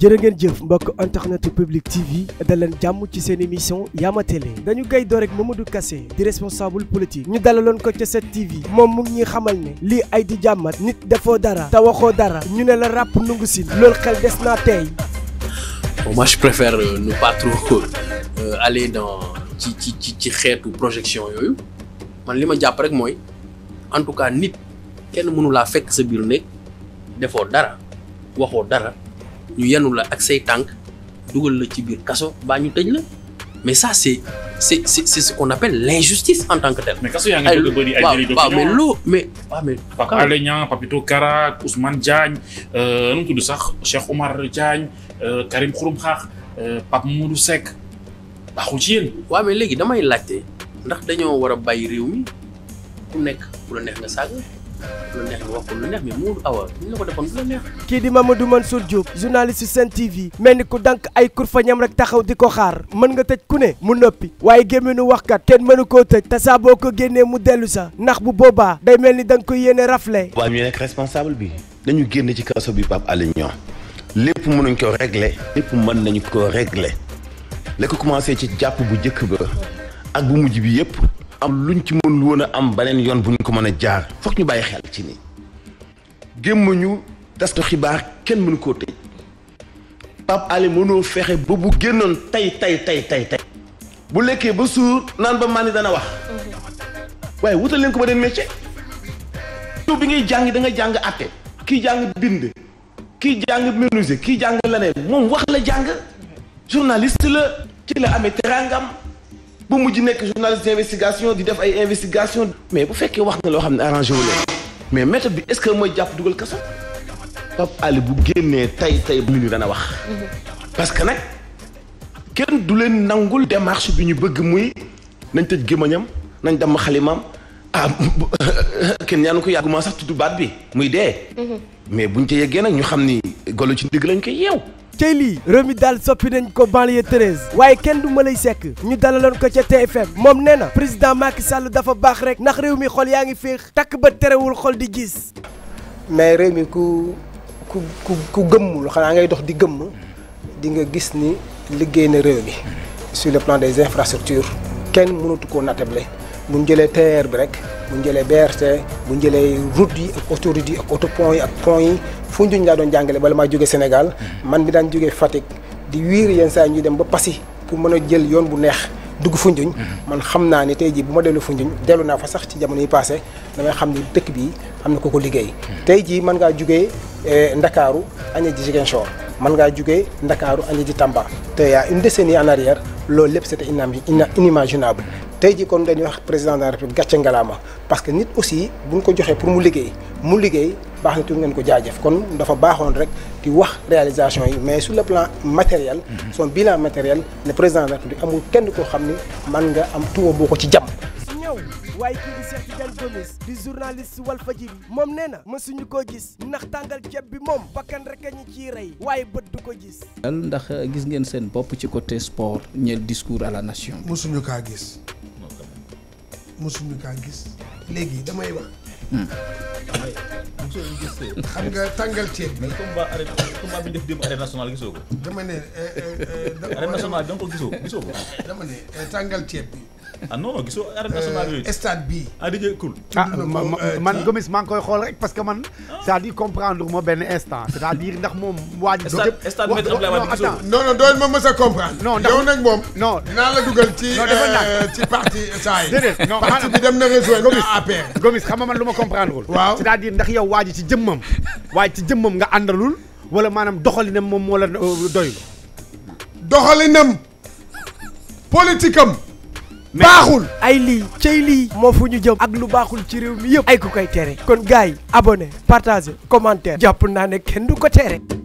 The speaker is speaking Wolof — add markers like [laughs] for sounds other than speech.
jërë de jëf mbokk public tv daleen jàmm ci seen émission yama Télé dañu gay rek Mamadou di responsable politique ñu dalaloon ko ca tv moom mu xamal ne ay di nit defoo dara te dara ñu ne la rap nungu si loolu xel des naa tey moi je préfère euh, ne pas trop euh, euh, aller dans ci ci ci projection man en tout cas nit kenn mënu laa fekk dara ñu yenu la ak say tank dugal la ci biir kasso ba ñu tëj la mais ça c'est c'est c'est c'est ce qu'on appelle l'injustice en tant que telle. mais kasso ya nga bëgg bari ay délit d'opinion mais loo mais pa mais. pa Alé Niang Papito Kara Ousmane Diagne euh, nu mu tudd sax Cheikh omar Diagne euh Karim Xurum Xaax euh, Pape Modou Seck baaxul ci yéen. waaw mais léegi damay laajte ndax dañoo wara bay bàyyi réew mi ku nekk ku la neex nga saaga. lu neex nga wax ko lu neex mais Modou Awa ñu la du la neex. journaliste Sen TV mel ni ku dank ay kurfañam rek taxaw di ko xaar mën nga tëj ku ne mu noppi waaye gémminu waxkat kenn mënu koo tëj te saa boo ko génnee mu dellu sa ndax bu boobaa day mel ni da nga koy yéene rafle. waaw ñu nekk responsable bi dañu génn ci kaso bi Pape Alé Niang lépp mënuñ ko régler lépp mën nañu ko régler la ko commencé ci jàpp bu njëkk ba ak bu mujj bi yëpp. am luñ ci mën woon a am beneen yoon bu ñu ko mën a jaar foog ñu bàyyi xel ci ni gémmañu taskatu xibaar kenn mënu koo tëj Pape Alé mënoo fexe ba bu génnoon tey tey tey tey tey bu lekkee ba suur naan ba màndi dana wax waaye wutal leen ko ba den métier yow bi ngay jàng da nga jàng atte kii jàng bind kii jàng menuisier kii jàng leneen moom wax la jàng journaliste la ci la amee terangam bu que un journaliste d'investigation vous def une investigation mais vous faites wax na mais vous est-ce que vous avez Ali bu vous avez bu vous avez parce que nag vous avez leen nangul démarche vous avez bëgg muy nañ vous avez nañ ah avez [laughs] ko qui sax avez bi vous mhm. mais buñ ca yeggee vous ñu ci avez lañ cey lii réew mi soppi nañ ko banlieue 13 waaye kenn du ma lay sekk ñu dalaloon ko ca TFM moom nee na président Macky Sall dafa baax rek ndax réew mi xol yaa ngi féex takk ba terewul xol di gis. mais réew mi ku ku ku ku gëmmul xanaa ngay dox di gëmm di nga gis ni liggéey na réew mi sur le plan des infrastructures kenn mënatu koo natable bu ñu jëlee bi rek. bu ñu jëlee BRT bu ñu jëlee route yi ak autoroute yi ak autopont yi ak pont yi fu laa doon jàngale bala maa jóge Sénégal. man mi daan jógee Fatick di wiir yenn saa ñuy dem ba Passy pour mën a jël yoon bu neex. dugg funjuñ man xam naa ni tey jii bu ma dellu Foundiougne dellu naa fa sax ci jamono yi passé damay xam ni dëkk bi am na ko ko liggéey tey jii mën ngaa jugee eh, Ndakaaru aña ji Ziguinchor mën ngaa jugee Ndakaaru aña ji Tamba te yaa une décennie en arrière loolu lépp c'était inimaginable tey kon dañuy wax président de la république gatcha ngalama parce que nit aussi buñ ko joxé pour mu liggéey mu liggéey baax na ngeen ko jaajëf kon dafa baxone rek di wax réalisation yi mais sur le plan matériel. Mhm. son bilan matériel le président de la république amul kenn ko xamni man nga am tuuma boko ci jàmm. waye ki di Cheikh Tidiane Gomis di journaliste walfa Walfadjri mom nee na suñu ko gis ndax tangal ceeb bi mom bakkan rek ñi ci ciy rey waaye bët du ko gis. ndax gis ngeen seen bop ci côté sport ñeel discours à la nation. suñu ka gis. mosuñu kaa gis léegi damay wax. damay mosul gis. xam tàngal ceeb bi. combat arène combat bi def démb ko. dama ne. Euh, euh, euh, arène nationale ko gisoo gisoo tàngal ceeb ah non non gisoo arène nationale euh, yooyu. stade bii. ah DJ Cool. ah euh, man Gomis maa ngi koy xool rek parce que man. c'est-à-dire ah. comprendre ma benn instant. c'est-à-dire ndax moom. waa ji lépp stade maître Abdoulaye Wade gisoo non non doon ma mës a comprendre. non yow nag moom. non dinaa la dugal ci euh, ci parti saa yi. déedéet non parti bi dem na réseau na APR. Gomis xam nga man lu ma comprendre wul. waaw c'est-à-dire ndax yow waa ji ci jëmmam. waa ji ci jëmmam nga àndalul. wala maanaam doxalinam moom moo la doyul. doxalinam. politikam. baaxul ay lii cay lii moo fu ñu jëm ak lu baaxul ci réew mi yëpp ay ku koy tere kon gars yi abonné partage commentaire jàpp naa ne kenn du ko tere